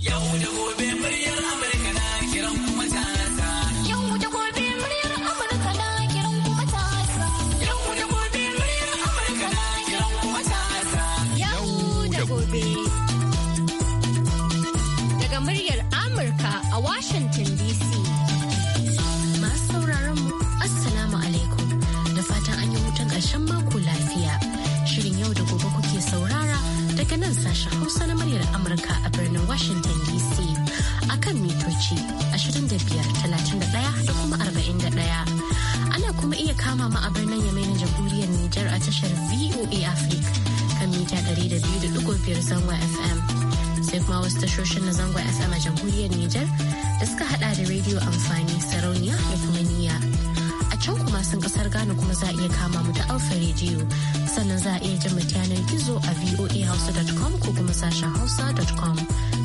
Yau da gobe tashoshin na zangon FM a jamhuriyar Nijar da suka hada da rediyo amfani sarauniya da kuma niyya. A can kuma sun kasar Ghana kuma za a iya kama mu ta alfa rediyo sannan za a iya jin mu yanar gizo a voahausa.com ko kuma sashen hausa.com.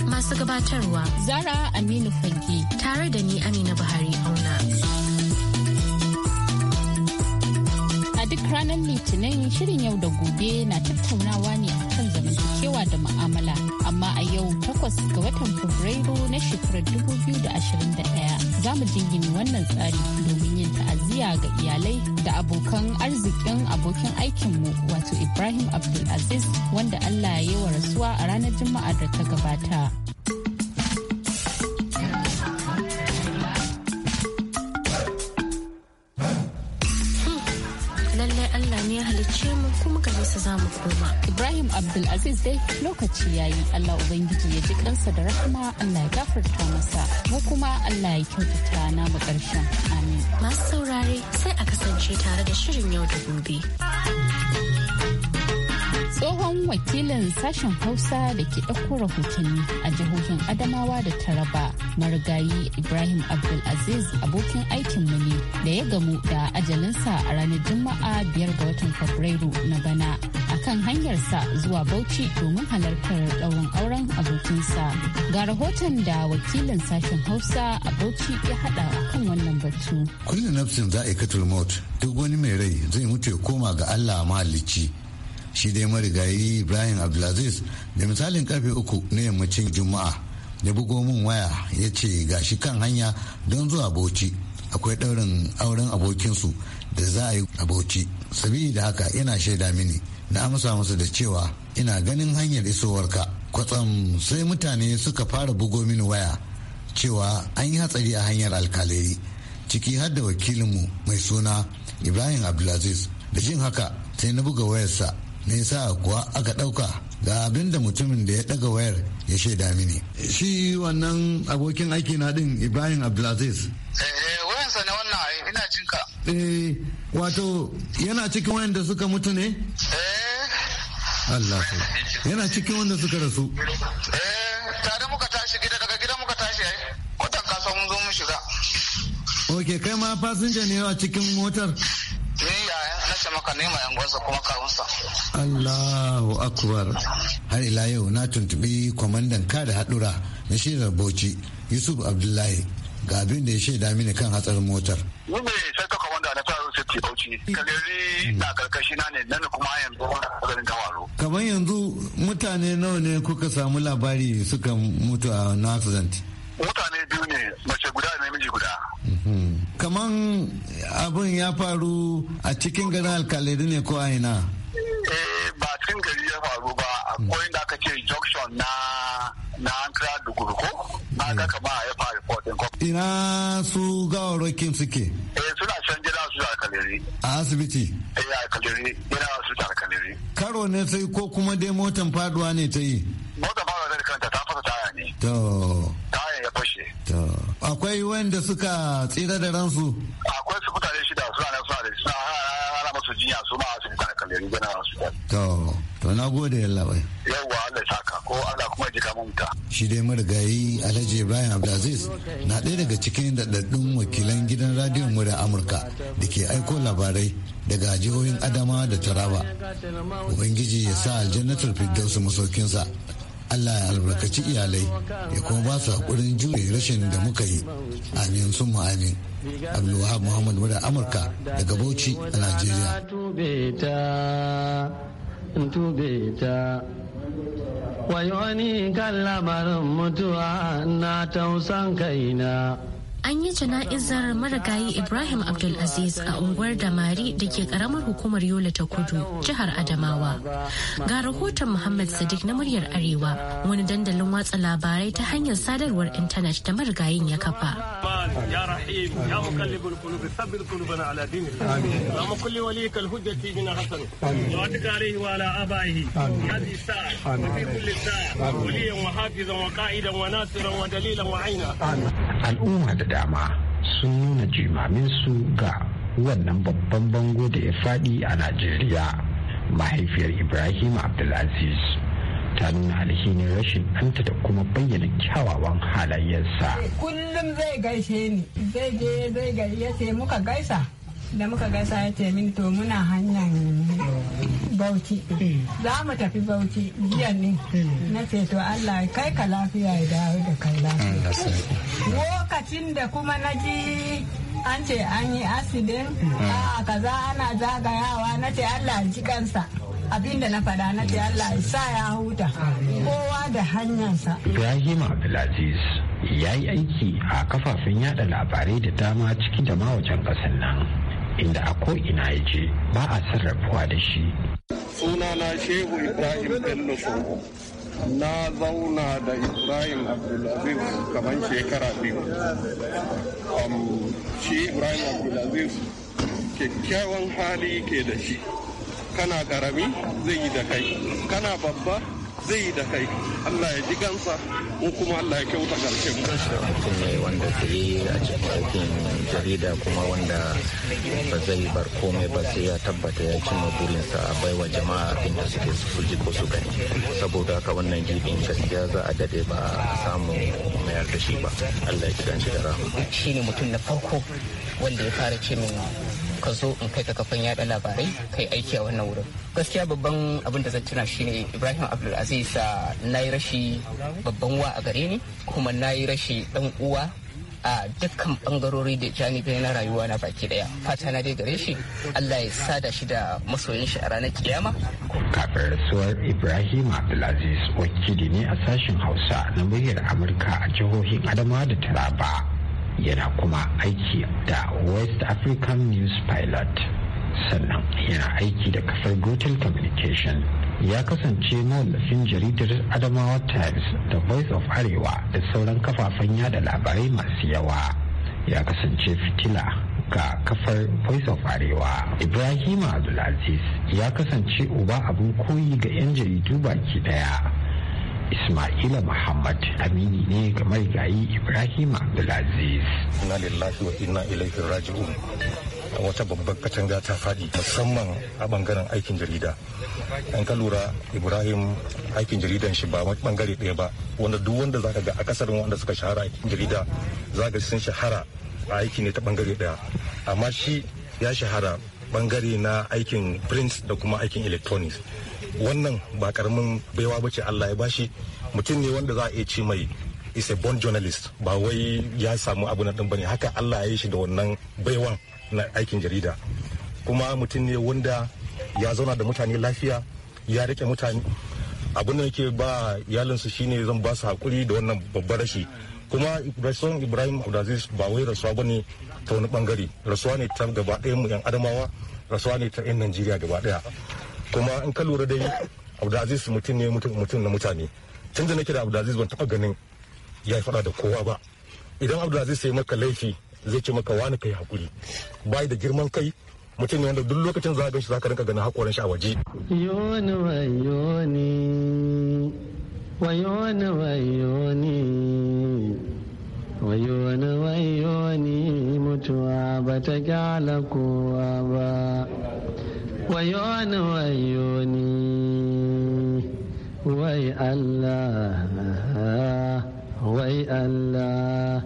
Masu gabatarwa Zara Aminu Fagge tare da ni Amina Buhari Auna. duk ranar litinin shirin yau da gobe na tattaunawa ne akan zamantakewa da ma'amala. amma a yau takwas ga watan Fabrairu na shekarar 2021 za mu jingini wannan tsari domin yin ta'aziyya ga iyalai da abokan arzikin abokin aikinmu wato Ibrahim Abdulaziz wanda Allah ya yi wa rasuwa a ranar Juma'ar da ta gabata. Hmm. Lallai Allah ne ya halicce mu kuma gare su za mu koma. Ibrahim Abdulaziz dai lokaci ya yi Allah Ubangiji ya ji kansa da rahama Allah ya gafarta masa mu kuma Allah ya kyautata namu ƙarshen amin. Masu saurare sai a kasance tare da shirin yau da gobe. tsohon wakilin sashen hausa da ke ɗauko rahotanni a jihohin adamawa da taraba marigayi ibrahim abdulaziz abokin aikinmu ne da ya gamu da ajalinsa a ranar juma'a biyar ga watan fabrairu na bana kan hanyarsa zuwa Bauchi domin halartar ɗaurin auren abokinsa. Ga rahoton da wakilin sashen Hausa a Bauchi ya haɗa kan wannan batu. Kullum nafsin za a yi katul mot duk wani mai rai zai mutu ya koma ga Allah mahalicci. Shi dai marigayi Ibrahim Abdulaziz da misalin karfe uku na yammacin Juma'a ya bugo min waya ya ce ga shi kan hanya don zuwa Bauchi akwai ɗaurin auren abokinsu da za a yi a Bauchi. da haka yana shaida mini. na amsa masa da cewa ina ganin hanyar isowarka kwatsam sai mutane suka fara bugo mini waya cewa an yi hatsari a hanyar alkalai ciki har da wakilinmu mai suna ibrahim abdulaziz da jin haka sai na buga wayarsa me sa kuwa aka ɗauka ga abin da mutumin da ya ɗaga wayar ya shaida mini shi wannan abokin aiki na ɗin ibrahim abdulaziz eh, eh, ne ina jin ka eh wato yana cikin wanda suka mutu ne eh Allah yana cikin wanda suka rasu eh tare muka tashi gida daga gida muka tashi ai Kotan kasa mun zo mu shiga ok kai ma fasinja ne a cikin motar ni yaya na ce maka nema yan gwansa kuma kawunsa Allahu akbar har ila yau na tuntubi kwamandan kada hadura na shirar Bauchi Yusuf Abdullahi ga abin da ya shaida mini kan hatsarin motar ni ne sector commander na sai safety bauchi kalleri na karkashi na ne nan kuma yanzu wanda garin gawaro kamar yanzu mutane nawa ne kuka samu labari suka mutu a wannan accident mutane biyu ne mace guda da namiji guda mhm. kaman abin ya faru a cikin garin alkalari ne ko a ina eh ba cikin gari ya faru ba akwai da aka ce junction na na ankara da na ga mm. kama ya ina su gawarwakin suke eh suna can gida su da a asibiti eh a kaliri su da karo ne sai ko kuma dai motan faduwa ne ta yi motan faduwa ta kanta ta fasa taya ne to taya ya fashe to akwai wanda suka tsira da ransu akwai su mutane shida suna nan suna da suna hana masu jinya su ma asibiti da kaliri su da to To na gode yalla bai. Yawwa Allah saka ko Allah kuma jika ta. Shi dai marigayi Alhaji Ibrahim Abdulaziz na ɗaya daga cikin daɗaɗɗun wakilan gidan radiyon mu Amurka da ke aiko labarai daga jihohin Adama da Taraba. Ubangiji ya sa aljannatul firdausu masaukinsa. Allah ya albarkaci iyalai ya kuma ba su hakurin jure rashin da muka yi amin sun mu amin abdulwahab muhammad muda amurka daga bauchi a najeriya Wai wani kan labarin mutuwa na tausan kaina an yi jana'izar marigayi Ibrahim Abdulaziz a unguwar Damari da ke karamar hukumar Yola ta Kudu, jihar Adamawa. Ga rahoton Muhammad Sadiq na muryar Arewa, wani dandalin watsa labarai ta hanyar sadarwar intanet da marigayin ya kafa. dama sun nuna jimamin su ga wannan babban bango da ya faɗi a najeriya mahaifiyar ibrahim abdulaziz ta nuna alhinin rashin ɗanta da kuma bayyana kyawawan halayensa kullum zai gaishe ni zai je zai gaishe muka gaisa da muka ga ya ce mini to muna hanyar bauchi za mu tafi bauchi jiya ne na ce to Allah kai ka lafiya ya dawo da kai lafiya lokacin da kuma na ji an ce an yi asidin a kaza ana zagayawa na ce Allah ji kansa abin na faɗa na ce Allah sa ya huta kowa da hanyarsa. Ibrahim Abdulaziz ya yi aiki a kafafen yada labarai da dama ciki da ma wajen kasan nan. inda a ko'ina ya je ba a sarrafuwa da shi. Sunana Shehu Ibrahim Bello Soho. Na zauna da Ibrahim Abdulaziz kamar shekara biyu. shi Ibrahim Abdulaziz kyakkyawan hali ke da shi. Kana karami zai yi da kai, kana babba zai yi da kai Allah ya ji gansa mu kuma Allah ya kyauta mu mutum eh, ne wanda yi a cikin aikin jarida kuma wanda ba zai bar komai ba sai ya tabbata ya cimma burinsa a baiwa jama'a abin da suke su ji ko su gani saboda haka wannan gibin gaskiya za a dade ba a samu mayar da shi ba Allah ya ji gansa da rahama shine mutum na farko wanda ya fara ce min ka zo in kai ka kafan yada labarai kai aiki a wannan wurin gaskiya babban abin da zan tuna shine ibrahim abdulaziz ah, na yi rashi babban wa a gare ni kuma na yi rashi dan uwa a dukkan bangarori da janibai na rayuwa na baki daya fata na dai gare shi allah ya sada shi da masoyin shi a ranar kiyama kafin rasuwar ibrahim abdulaziz wakili ne a sashen hausa na muryar amurka a jihohin adamawa da taraba yana kuma aiki da west african news pilot sannan yana aiki da kasar gotel communication ya kasance mawallafin jaridar adamawa times da voice of arewa da sauran kafafen yada labarai masu yawa ya kasance fitila ga kafar voice of arewa Ibrahim abdulaziz ya kasance uba abin koyi ga 'yan jaridu baki daya Ismaila Muhammad Amini ne kamar marigayi Ibrahim Abdulaziz. Ina lillahi wa inna ilaihi a wata babbar katanga ta faɗi musamman a bangaren aikin jarida an ka lura ibrahim aikin jaridan shi ba bangare ɗaya ba wanda duk wanda za ka ga akasarin wanda suka shahara aikin jarida zaka sun shahara a aiki ne ta ɓangare ɗaya amma shi ya shahara bangare na aikin print da kuma aikin electronics wannan ba karamin baiwa bace Allah ya bashi mutum ne wanda za a iya ce mai is a born journalist ba wai ya samu abu na ɗin bane haka Allah ya yi shi da wannan baiwan na aikin jarida kuma mutum ne wanda ya zauna da mutane lafiya ya rike mutane abin da yake ba iyalinsu shine zan ba su hakuri da wannan babbar rashi kuma rasuwan ibrahim abdulaziz ba wai rasuwa ba ne ta wani bangare rasuwa ne ta gaba ɗayan mu yan adamawa rasuwa ne ta yan najeriya gaba ɗaya kuma in ka lura dai abdulaziz mutum ne mutum na mutane tun da nake da abdulaziz ban taɓa ganin ya faɗa da kowa ba idan abdulaziz sai maka laifi zai ce maka wani kai hakuri bai da girman kai mutum ne wanda duk lokacin za a shi za ka rinka ganin hakorin shi a waje. yoni wayoni wayoni wayoni wayoni wayoni mutuwa ba ta kyala kowa ba Wai ni wai yoni wai Allah wai Allah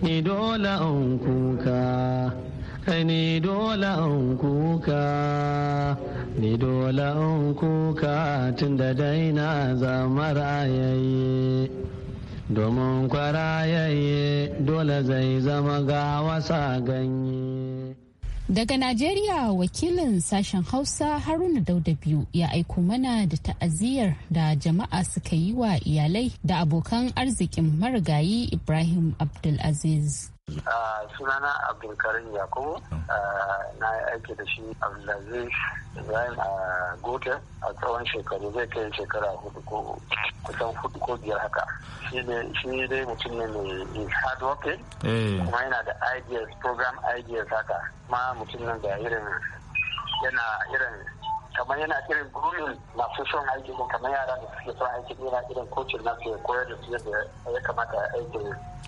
ni dole an kuka ni dole an kuka ni dole an kuka tun da daina zamar ayaye domin kwarayayye dole zai zama ga wasa ganye Daga Najeriya wakilin sashen Hausa Haruna Dauda biyu ya aiko mana da ta'aziyar da jama'a suka yi wa iyalai da abokan arzikin marigayi Ibrahim Abdulaziz. sunana abdulkarim yakubu oh. na aiki da shi abdulaziz ibrahim a gote a tsawon shekaru zai kai shekara hudu ko kusan hudu ko biyar haka shi dai mutum ne mai hard working eh. kuma yana da ideas program ideas haka ma mutum nan da irin yana irin kamar yana irin gurin masu son aiki ne kamar yara da suke son aiki yana irin kocin na ke koyar da su yadda ya kamata a aiki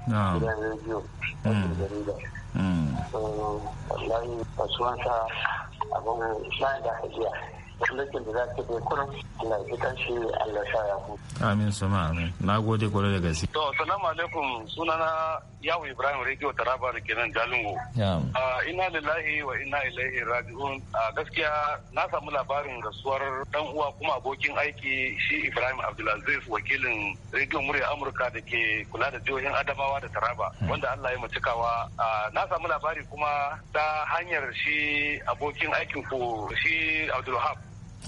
gidan rediyo da mm. jarida. Mm. Wallahi wasu wansa abin sha'in da hajiya. tulakin da za Amin suma amin. Na gode kwarai da gaske. To salamu alaikum sunana yawu Ibrahim Radio Taraba da kenan Jalingo. Ina lillahi wa ina ilaihi raji'un. Gaskiya na samu labarin rasuwar dan uwa kuma abokin aiki shi Ibrahim Abdulaziz wakilin rediyo Murya Amurka da ke kula da jihohin Adamawa da Taraba hmm. wanda Allah ya macikawa. Na samu labari kuma ta hanyar shi abokin aikin ku shi Abdulhab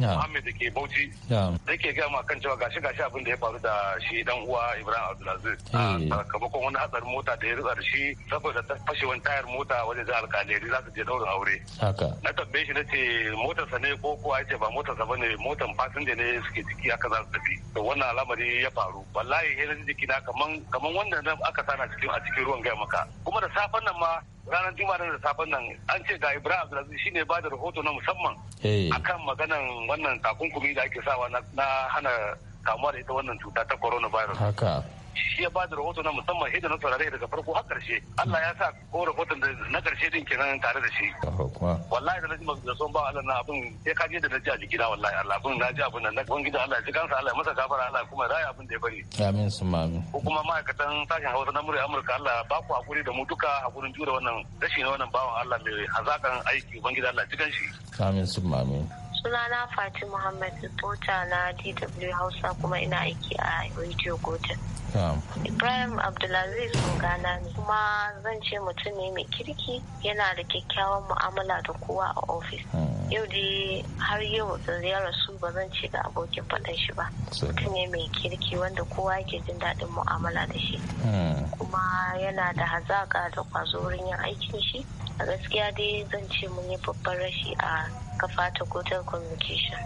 Muhammad da ke Bauchi da ke gama kan cewa gashi gashi abin da ya faru da shi dan uwa Ibrahim Abdulaziz ah, sakamakon wani hatsarin mota da ya rutsa da shi saboda ta fashe wani tayar mota wanda za alƙaleri za su je daurin aure na tambaye shi na ce motarsa ne ko kuwa ya ce ba motarsa ba ne motar fasinja ne suke ciki aka za su tafi to wannan al'amari ya faru wallahi ya jiki na kaman kaman wanda aka sana cikin a cikin ruwan gaya maka kuma da safen nan ma ranar juma'a da safen nan an ce ga ibrahim abdulaziz shine ba da rahoto na musamman eh. akan maganan wannan takunkumi da ake sawa na hana kamuwa da ita wannan cuta ta coronavirus haka shi ya bada rahoto na musamman idan na saurare daga farko har karshe Allah ya sa ko rahoton da na karshe din kenan tare da shi wallahi da naji da son ba Allah na abin sai ka je da naji a jikina wallahi Allah abin ji abin nan ban gida Allah ji kansa Allah ya masa gafara Allah kuma raya abin da ya bari amin su amin ko kuma ma'aikatan sashen Hausa na murya Amurka Allah ba ku hakuri da mu duka hakurin jure wannan rashin wannan bawan Allah mai hazakan aiki ban gidan Allah ji kanshi amin su amin sunana fati muhammad reporter na dw hausa kuma ina aiki a radio gotel ibrahim abdulaziz gana ne kuma zan ce mutum ne mai kirki yana da kyakkyawan mu'amala da kowa a ofis hmm. yau da har yau da ziyarar su ba zan ce da abokin faɗan shi ba mutum ne mai kirki wanda kowa yake jin daɗin mu'amala da shi hmm. kuma yana da hazaƙa da kwazo wurin yin aikin shi a gaskiya dai zan ce mun yi babban rashi a kafa ta gotel communication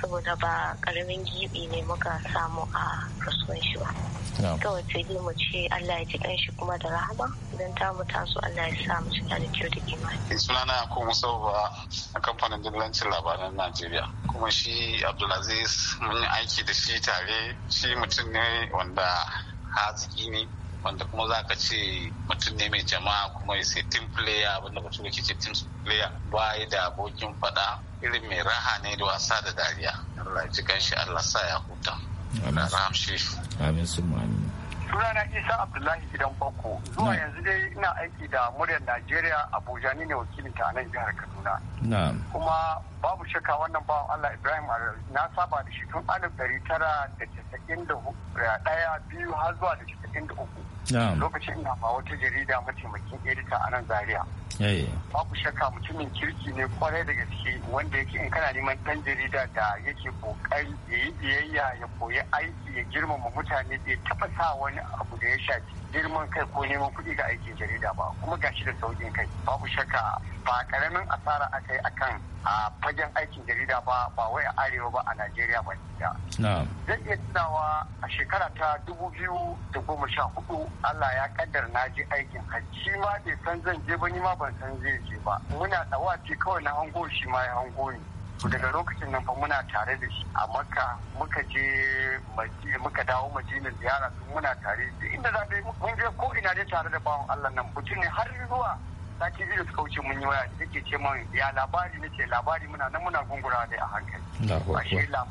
saboda ba karamin gibi ne muka samu a rasuwan shi ba kawai sai dai mu ce Allah ya ji kan shi kuma da rahama idan ta mu taso Allah ya sa mu cika da kyau da imani eh, sunana Yakubu ba a kamfanin dillancin labaran Najeriya kuma shi Abdulaziz mun yi aiki da shi tare shi mutum ne wanda haziki ne wanda kuma za ka ce mutum ne mai jama'a kuma ya sai team player wanda ba ke ce team player ba da abokin faɗa irin mai raha ne da wasa da dariya Allah ya ji Allah sa ya huta Allah rahamshe amin sun amin sunana isa abdullahi gidan bakko zuwa yanzu dai ina aiki da muryar najeriya abuja ni ne wakilin ta nan jihar kaduna kuma babu shakka wannan bawan allah ibrahim na saba da shi tun alif ɗari tara da casa'in da ɗaya biyu har zuwa da casa'in da uku lokacin ina ba wata jarida mataimakin edita a nan zaria babu shakka mutumin kirki ne kwarai da gaske wanda yake in kana neman dan jarida da yake kokari ya yi biyayya ya koyi aiki ya girmama mutane bai taba sa wani abu da ya shafi girman kai ko neman kuɗi ga aikin jarida ba kuma gashi da sauƙin kai babu shakka ba karamin asara aka yi akan a fagen aikin jarida ba ba wai a arewa ba a najeriya ba zai iya tunawa a shekara ta dubu biyu da goma sha hudu Allah ya kaddar na je aikin hajji ma bai san zan je ba ni ma ban san zai je ba muna tsawafi kawai na hango shi ma ya hango ni daga lokacin nan fa muna tare da shi a makka muka je muka dawo madina ziyara muna tare da inda za mun je ko ina dai tare da bawan Allah nan mutum ne har zuwa sati biyu suka wuce mun yi waya da ke ce ya labari nake labari muna nan muna gungura da a hankali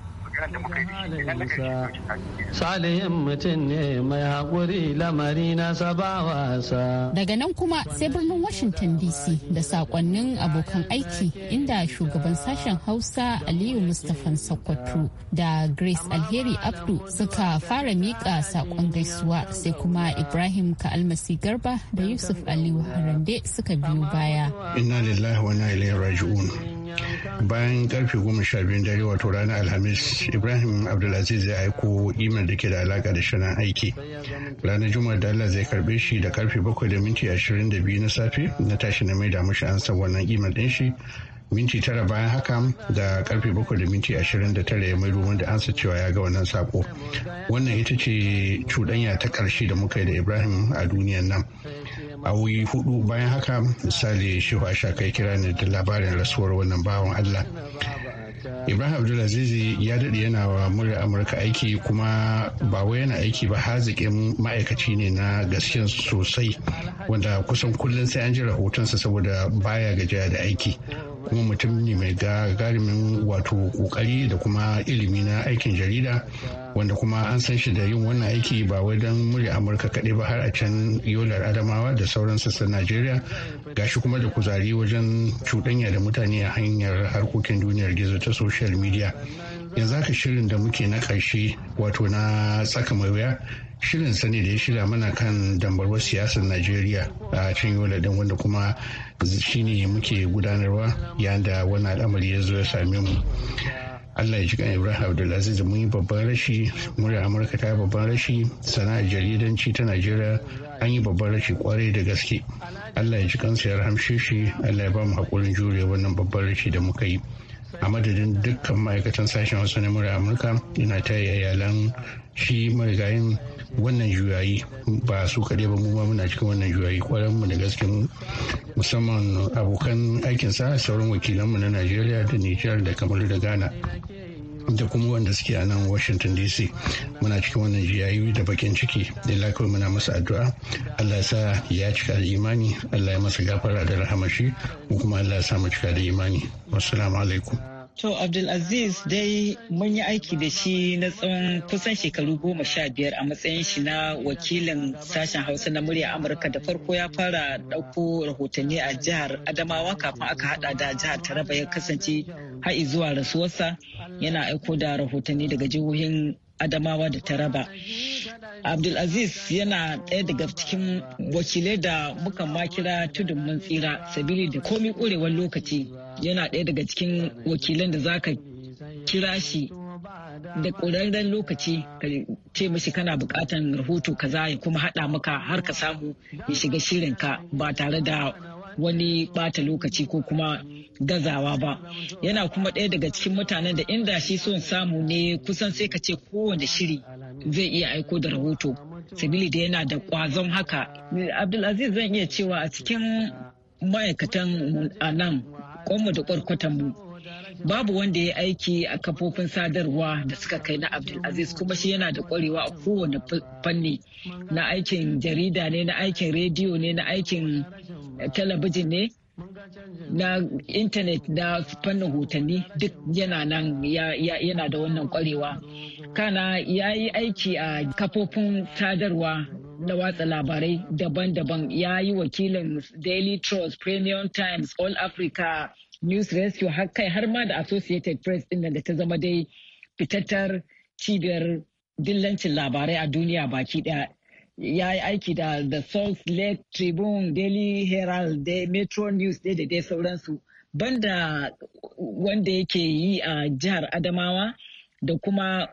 Salihin mutum ne mai haƙuri lamari na sabawasa. Daga nan kuma sai birnin Washington DC da sakonnin abokan aiki inda shugaban sashen Hausa Aliyu Mustapha Sokoto da Grace Alheri Abdu suka fara miƙa saƙon gaisuwa sai kuma Ibrahim Ka'almasi Garba da Yusuf Aliyu Harande suka biyo baya. Inna lillahi wa ilaihi bayan karfe goma sha biyun dare wato ranar alhamis ibrahim abdulaziz zai aiko imel da ke da alaka da shirin aiki ranar juma'ar da allah zai karbe shi da karfe bakwai da minti ashirin da biyu na safe na tashi na mai da mashi an san wannan imel din shi minti tara bayan haka da karfe bakwai da minti ashirin da tara ya mai ruwan da ansa cewa ya ga wannan sako wannan ita ce cuɗanya ta karshe da muka yi da ibrahim a duniyan nan a wuyi hudu bayan haka misali shehu asha kai kira ne da labarin rasuwar wannan bawan allah ibrahim abdulaziz ya daɗe yana wa murya amurka aiki kuma ba wai yana aiki ba haziƙin ma'aikaci ne na gaske sosai wanda kusan kullum sai an ji rahotonsa saboda baya gajiya da aiki kuma mutum ne mai gagarumin wato kokari da kuma ilimi na aikin jarida wanda kuma an san shi da yin wannan aiki ba wai don murya amurka kaɗai ba har a can yolar adamawa da sauran sassan najeriya gashi kuma da kuzari wajen cuɗanya da mutane a hanyar harkokin duniyar gizo ta social media yanzu haka shirin da muke na ƙarshe wato na tsaka mai wuya shirin sani da ya shirya mana kan dambarwar siyasar najeriya a can yola din wanda kuma shine muke gudanarwa yayin da wani al'amari ya zo ya same mu allah ya ji kan ibrahim abdulaziz mun yi babban rashi murya amurka ta yi babban rashi sana'ar jaridanci ta najeriya an yi babban rashi kwarai da gaske allah ya ji kansa ya rahamshe shi allah ya ba mu haƙurin jure wannan babban rashi da muka yi a madadin dukkan ma'aikatan sashen wasu na mura amurka yana ta iyalan shi marigayin wannan juyayi ba su kaɗai ba mu ma muna cikin wannan juyayi kwarar mu da gaske musamman abokan aikinsa sauran wakilanmu na najeriya da nijar da kamar da ghana da kuma wanda suke a nan washington dc muna cikin wannan jiyayi da bakin ciki da kawai muna masa addu'a allah sa ya cika da imani allah ya masa gafara da rahamashi ko kuma allah ya sa mu cika da imani wassalamu alaikum To Abdulaziz dai mun yi aiki da shi na tsawon kusan shekaru goma sha biyar a matsayin shi na wakilin sashen Hausa na murya Amurka da farko ya fara ɗauko rahotanni a jihar Adamawa kafin aka hada da jihar Taraba ya kasance har zuwa rasuwarsa yana aiko da rahotanni daga jihohin Adamawa da Taraba. Abdulaziz yana ɗaya daga cikin wakilai da muka makira tudun mun tsira sabili da komi ƙurewar lokaci. yana ɗaya daga cikin wakilan da zaka kira shi da ƙurarren lokaci ka ce mashi kana buƙatan rahoto ka ya kuma haɗa maka har ka samu ya shiga shirin ka ba tare da wani ɓata lokaci ko kuma gazawa ba yana kuma ɗaya daga cikin mutanen da inda shi son samu ne kusan sai ka ce kowane shiri zai iya aiko da rahoto sabili da yana da ƙwazon haka abdulaziz zan iya cewa a cikin ma'aikatan a nan mu da mu babu wanda ya aiki a kafofin sadarwa da suka kai na abdulaziz kuma shi yana da kwarewa a kowane fanni na aikin jarida ne na aikin rediyo ne na aikin eh, talabijin ne na intanet na fannin hotanni duk yana nan yana da wannan kwarewa kana ya yi aiki a kafofin sadarwa na watsa labarai daban-daban ya yi wakilin Daily Trust, Premium Times, All Africa, News Rescue har kai har ma da Associated Press din da ta zama dai fitattar cibiyar dillancin labarai a duniya baki daya. Ya yi aiki da The Salt Lake Tribune, Daily Herald, da Metro News da dai sauransu. Banda wanda yake yi a jihar Adamawa da kuma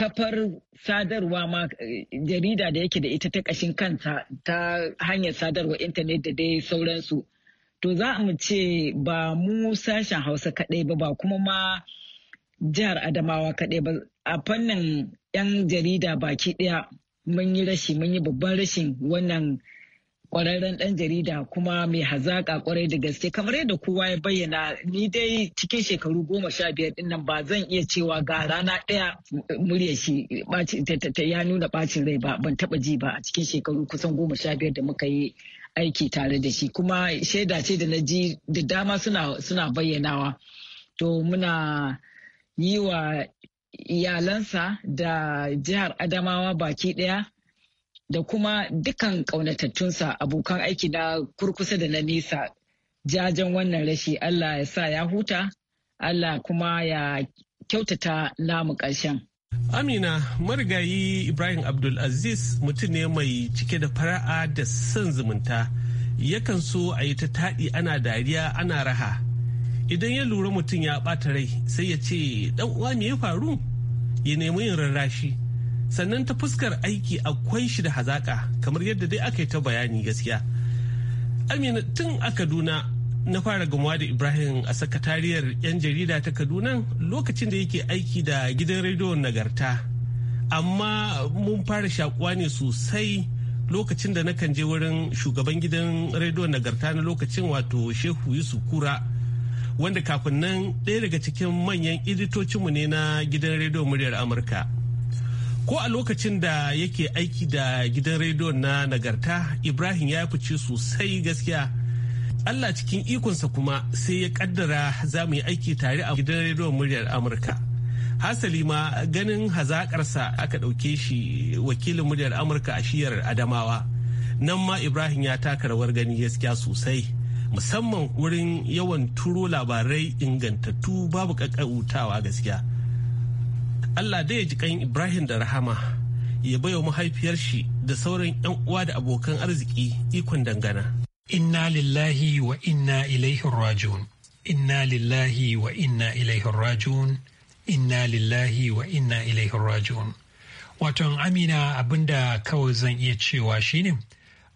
kafar sadarwa ma eh, jarida da yake da ita ta kashin kanta ta hanyar sadarwa intanet da dai sauransu to za mu ce ba mu sashen hausa kaɗai ba ba kuma ma jihar adamawa kaɗai ba a fannin 'yan jarida baki ɗaya mun yi rashi mun yi babban rashin wannan kwararren ɗan jarida kuma mai hazaƙa kwarai da gaske kamar yadda kowa ya bayyana ni dai cikin shekaru goma sha biyar ɗin nan ba zan iya cewa ga rana ɗaya murya shi ya nuna ɓacin rai ba ban taɓa ji ba a cikin shekaru kusan goma sha biyar da muka yi aiki tare da shi kuma shaida ce da na ji da dama suna suna bayyanawa to muna yi wa iyalansa da jihar adamawa baki ɗaya da kuma dukkan ƙaunatattunsa abokan aiki na kurkusa da na nesa jajen wannan rashi Allah ya sa ya huta Allah kuma ya kyautata namu ƙarshen. Amina marigayi Ibrahim Abdulaziz mutum ne mai cike da fara'a da son zumunta yakan so a yi ta taɗi ana dariya ana raha. Idan ya lura mutum ya ɓata rai sai ya ce ɗan uwa me ya faru? Ya nemi yin rarrashi. sannan ta fuskar aiki akwai shi da hazaƙa kamar yadda dai aka yi ta bayani gaskiya amina tun a kaduna na fara gamuwa da ibrahim a sakatariyar 'yan jarida ta kaduna lokacin da yake aiki da gidan rediyon nagarta amma mun fara shakuwa ne sosai lokacin da nakan je wurin shugaban gidan rediyon nagarta na lokacin wato shehu yusuf kura wanda kafin nan ɗaya daga cikin manyan editocinmu ne na gidan rediyon muryar amurka ko a lokacin da yake aiki da gidan rediyon na nagarta ibrahim ya fice sosai gaskiya allah cikin ikonsa kuma sai ya kaddara za mu yi aiki tare a gidan rediyon muryar amurka hasali ma ganin hazakarsa aka ɗauke shi wakilin muryar amurka a shiyar adamawa nan ma ibrahim ya taka rawar gani gaskiya sosai musamman wurin yawan turo labarai ingantattu babu ƙaƙƙautawa gaskiya Allah dai ya ji kan Ibrahim da rahama ya baiwa mahaifiyar shi da sauran 'yan uwa da abokan arziki ikon dangana. Inna lillahi wa inna ilaihi rajiun. Inna lillahi wa inna ilaihi rajiun. Inna lillahi wa inna ilaihi rajiun. Amina abinda kawai zan iya cewa shine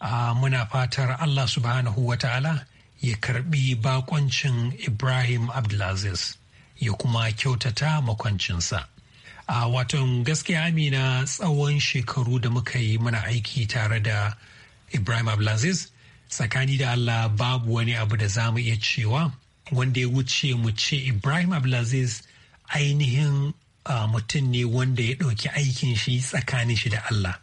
a muna fatar Allah subhanahu wa ta'ala ya karbi bakoncin Ibrahim Abdulaziz ya kuma kyautata makwancinsa. a watan gaskiya amina tsawon shekaru da muka yi muna aiki tare da ibrahim abdulaziz tsakani da allah babu wani abu da za mu iya cewa wanda ya wuce mu ce ibrahim abdulaziz ainihin mutum ne wanda ya ɗauki aikin shi tsakanin shi da allah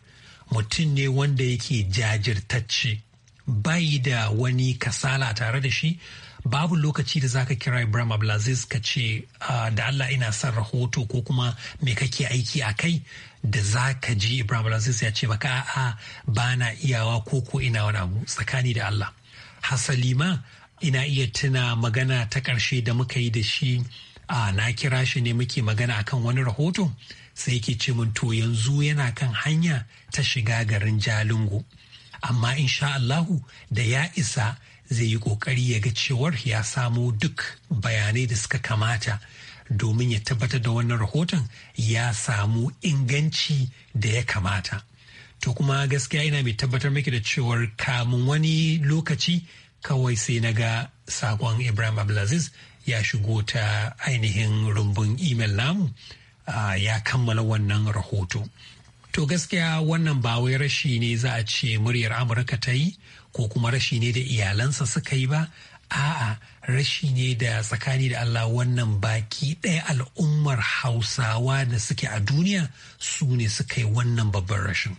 mutum ne wanda yake jajirtacce bai da wani kasala tare da shi babu lokaci da zaka kira Ibrahim Abdulaziz ka ce ah, da Allah ina son rahoto ko kuma me kake aiki a kai da za ka ji Ibrahim Abdulaziz ya ce maka a'a ba na iyawa ko ko ina wani abu tsakani da Allah. Hasali ma ina iya tuna magana ta ƙarshe da muka yi da shi a na kira shi ne muke magana akan wani rahoto sai ke ce mun to yanzu yana kan hanya ta shiga garin Jalingo. Amma insha Allahu da ya isa zai yi kokari ya ga cewar ya samu duk bayanai da suka kamata domin ya tabbatar da wannan rahoton ya samu inganci da ya kamata to kuma gaskiya ina mai tabbatar miki da cewar kamun wani lokaci kawai sai na ga sakon ibrahim abdulaziz ya shigo ta ainihin rumbun imel namu ya kammala wannan rahoto to gaskiya wannan ba wai rashi ne za a ce muryar amurka ta yi ko kuma rashi ne da iyalansa suka yi ba a'a rashi ne da tsakani da Allah wannan baki ɗaya al'ummar hausawa da suke a duniya su ne suka yi wannan babban rashin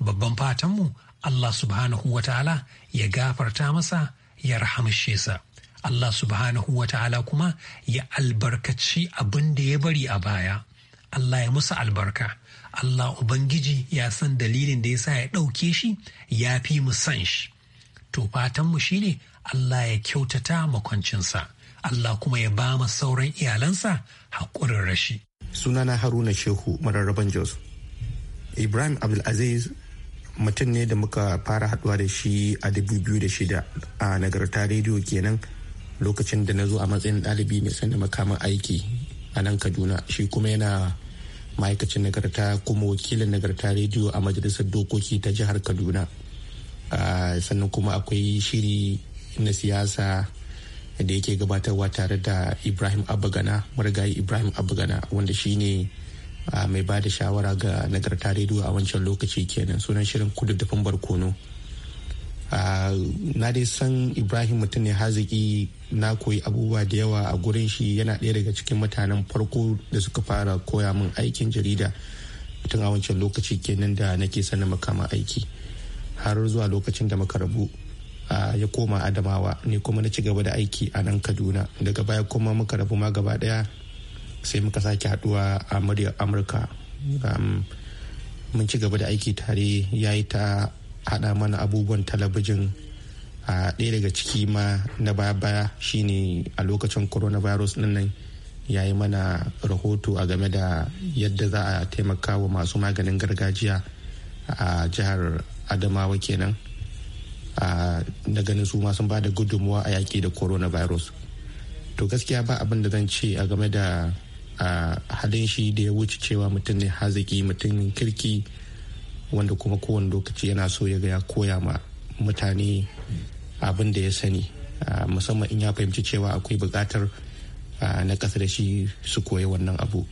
babban fatanmu Allah subhanahu wa ta'ala ya gafarta masa ya rahamshe sa Allah subhanahu wa ta'ala kuma ya albarkaci abin da ya bari a baya Allah ya musa albarka Allah Ubangiji ya san dalilin da ya sa ya ɗauke shi ya fi mu san shi to fatanmu shine Allah ya kyautata makwancinsa Allah kuma ya ba ma sauran iyalansa haƙurin rashi. Sunana Haruna Shehu mararraban Jos. Ibrahim Abdulaziz mutum ne da muka fara haɗuwa da shi a da shida a nagarta rediyo kenan lokacin da na zo a matsayin ɗalibi mai sanda makamin aiki a nan Kaduna shi kuma yana ma'aikacin nagarta kuma wakilin nagarta rediyo a majalisar dokoki ta jihar Kaduna. sannan kuma akwai shiri na siyasa da yake gabatarwa tare da ibrahim abagana marigayi ibrahim abagana wanda shine mai ba da shawara ga nagarta rediyo a wancan lokaci kenan sunan shirin kudu kududdufin barkono na dai san ibrahim mutum ne haziki na koyi abubuwa da yawa a gurin shi yana ɗaya daga cikin mutanen farko da suka fara koya min aikin jarida tun a wancan lokaci kenan da nake sanin makaman aiki har zuwa lokacin da muka rabu ya koma adamawa ne kuma na ci gaba da aiki a nan kaduna daga baya kuma muka rabu ma gaba daya sai muka sake haduwa a muryar amurka mun ci gaba da aiki tare ya yi ta hada mana abubuwan talabijin a ɗaya daga ciki ma na baya-baya shine a lokacin coronavirus din nan ya yi mana rahoto a game da yadda za a taimaka wa masu maganin gargajiya a jihar adamawa kenan na ganin su ma sun ba da gudunmuwa a yaƙi da coronavirus to gaskiya ba abin da zan ce a game da halin shi da ya wuce cewa mutum ne haziki mutumin kirki wanda kuma kowane lokaci yana so ya ga ya koya ma mutane abin da ya sani musamman in ya fahimci cewa akwai buƙatar na ƙasa da shi su koyi wannan abu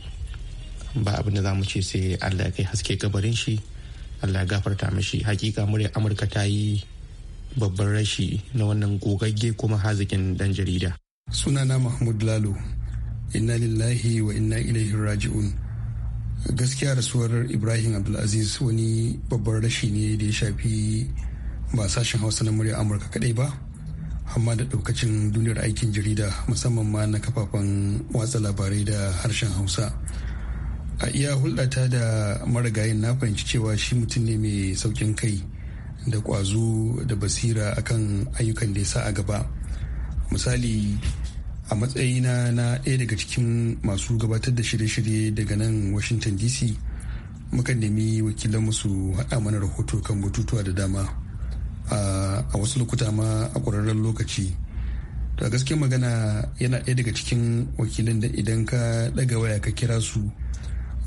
ba abin da za mu ce sai allah ya kai haske kabarin shi allah gafarta mashi hakika murya amurka ta yi babban rashi na wannan gogagge kuma hazikin dan jarida sunana mahmud lalo inna lillahi wa inna ilaihi raji'un gaskiya rasuwar ibrahim abdulaziz wani babban rashi ne da ya shafi ba sashen hausa na murya amurka kadai ba amma da daukacin duniyar aikin jarida musamman ma na kafafen watsa labarai da harshen hausa a iya hulɗata da marigayin na fahimci cewa shi mutum ne mai saukin kai da ƙwazo da basira akan ayyukan da ya sa a gaba misali a matsayina na ɗaya daga cikin masu gabatar da shirye-shirye daga nan washington dc muka nemi wakilan musu haɗa mana rahoto kan batutuwa da dama a wasu lokuta ma a ƙwararren lokaci to gaske magana yana ɗaya daga cikin wakilan da idan ka ɗaga waya ka kira su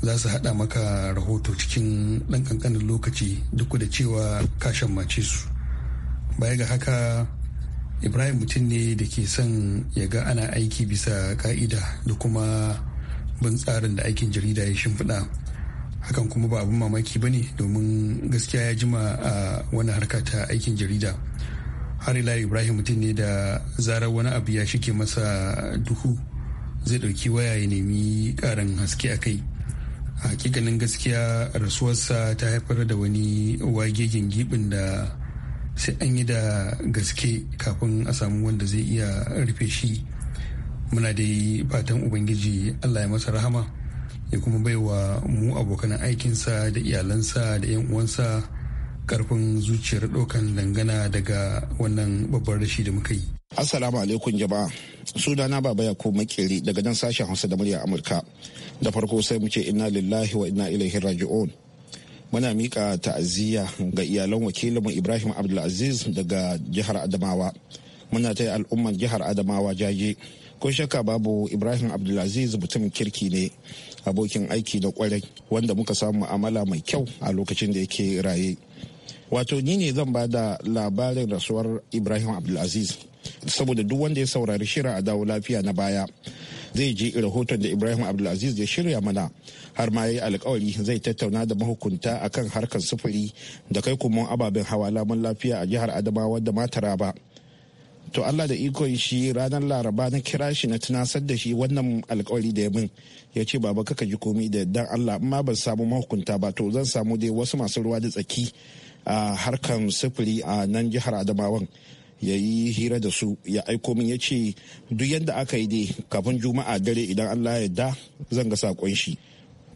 za su haɗa maka rahoto cikin ɗan kankanin lokaci duk da cewa ka mace su baya ga haka ibrahim mutum ne da ke son ya ga ana aiki bisa ka'ida da kuma bin tsarin da aikin jarida ya shimfiɗa hakan kuma ba abin mamaki ba ne domin gaskiya ya jima a wani harka ta aikin jarida har ila ibrahim mutum ne da zarar wani abu ya shige masa duhu zai ɗauki waya ya nemi ƙarin haske a kai hakikanin gaskiya rasuwarsa ta haifar da wani wagegen gibin da sai an yi da gaske kafin a samu wanda zai iya rufe shi muna dai fatan ubangiji allah ya masa rahama ya kuma baiwa mu abokan aikinsa da iyalansa da 'yan uwansa karfin zuciyar ɗaukan dangana daga wannan babban rashi da muka yi Assalamu alaikum jama'a. Sunana Baba yakub Makeri daga nan sashen Hausa da murya Amurka. Da farko sai mu ce inna lillahi wa inna ilaihi raji'un. Muna mika ta'aziyya ga iyalan wakilinmu Ibrahim Abdulaziz daga jihar Adamawa. Muna yi al'ummar jihar Adamawa jaje. Ko shakka babu Ibrahim Abdulaziz mutumin kirki ne, abokin aiki da kwarai wanda muka samu mu'amala mai kyau a lokacin da yake raye. wato ni ne zan ba da labarin rasuwar ibrahim abdulaziz saboda duk wanda ya saurari shira a dawo lafiya na baya zai je rahoton da ibrahim abdulaziz ya shirya mana har ma ya yi alkawari zai tattauna da mahukunta akan harkar sufuri da kai kuma ababen hawa lamun lafiya a jihar adamawa da matara ba to allah da iko shi ranar laraba na kira shi na tunasar da shi wannan alkawari da ya min ya ce baba kaka ji komi da dan allah amma ban samu mahukunta ba to zan samu dai wasu masu ruwa da tsaki a harkan sufuri a nan jihar adamawan ya yi hira da su ya aiko min ya ce duk yadda aka yi dai kafin juma'a dare idan allah ya da zan ga sakon shi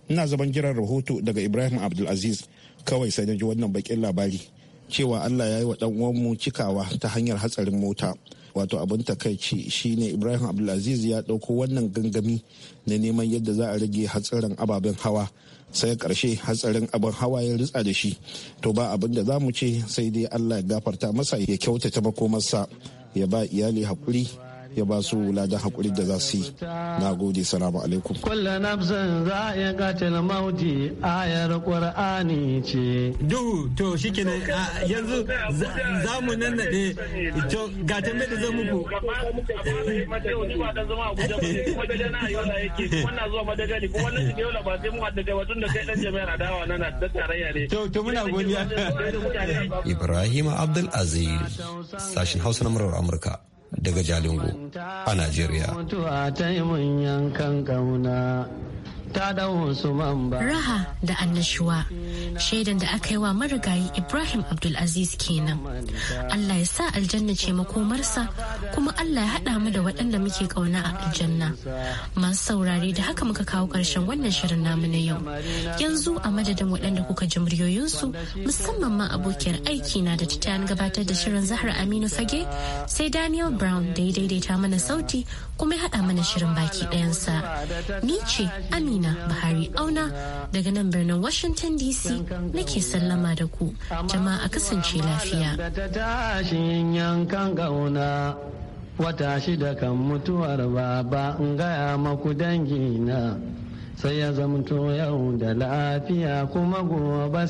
ina zaman jiran rahoto daga ibrahim abdulaziz kawai sai na ji wannan bakin labari cewa allah ya yi wa dan uwanmu cikawa ta hanyar hatsarin mota wato abin takaici shine ibrahim abdulaziz ya ɗauko wannan gangami na neman yadda za a rage hatsarin ababen hawa sai karshe hatsarin abin hawa ya ritsa da shi to ba abin da za mu ce sai dai allah ya gafarta masa ya kyautata makomarsa ya ba iyali haƙuri ya ba su ladan haƙuri da za su yi na gode salamu alaikum kulla nafsin za a katil mauti ayar ƙwar'ani ce duhu to ke yanzu za mu nan ɗe to ga mai da zan muku Ibrahim Abdul Aziz sashin Hausa na murar Amurka daga Jalingo a Najeriya. Raha da annashuwa shaidan da aka yi wa marigayi Ibrahim Abdulaziz kenan. Allah ya sa aljanna ce makomarsa kuma Allah ya haɗa mu da waɗanda muke ƙauna a aljanna. Masu saurare da haka muka kawo ƙarshen wannan shirin namu na yau. Yanzu a madadin waɗanda kuka ji muryoyinsu musamman ma abokiyar aiki na da ta gabatar da shirin Zahra Aminu Fage sai Daniel Brown da ya daidaita mana sauti kuma ya haɗa mana shirin baki ɗayansa. Ni ce amin. Amina Buhari Auna daga nan birnin Washington DC nake sallama da ku jama'a kasance lafiya. Wata shida kan mutuwar baba in gaya maku dangina sai ya zamto yau da lafiya kuma gobe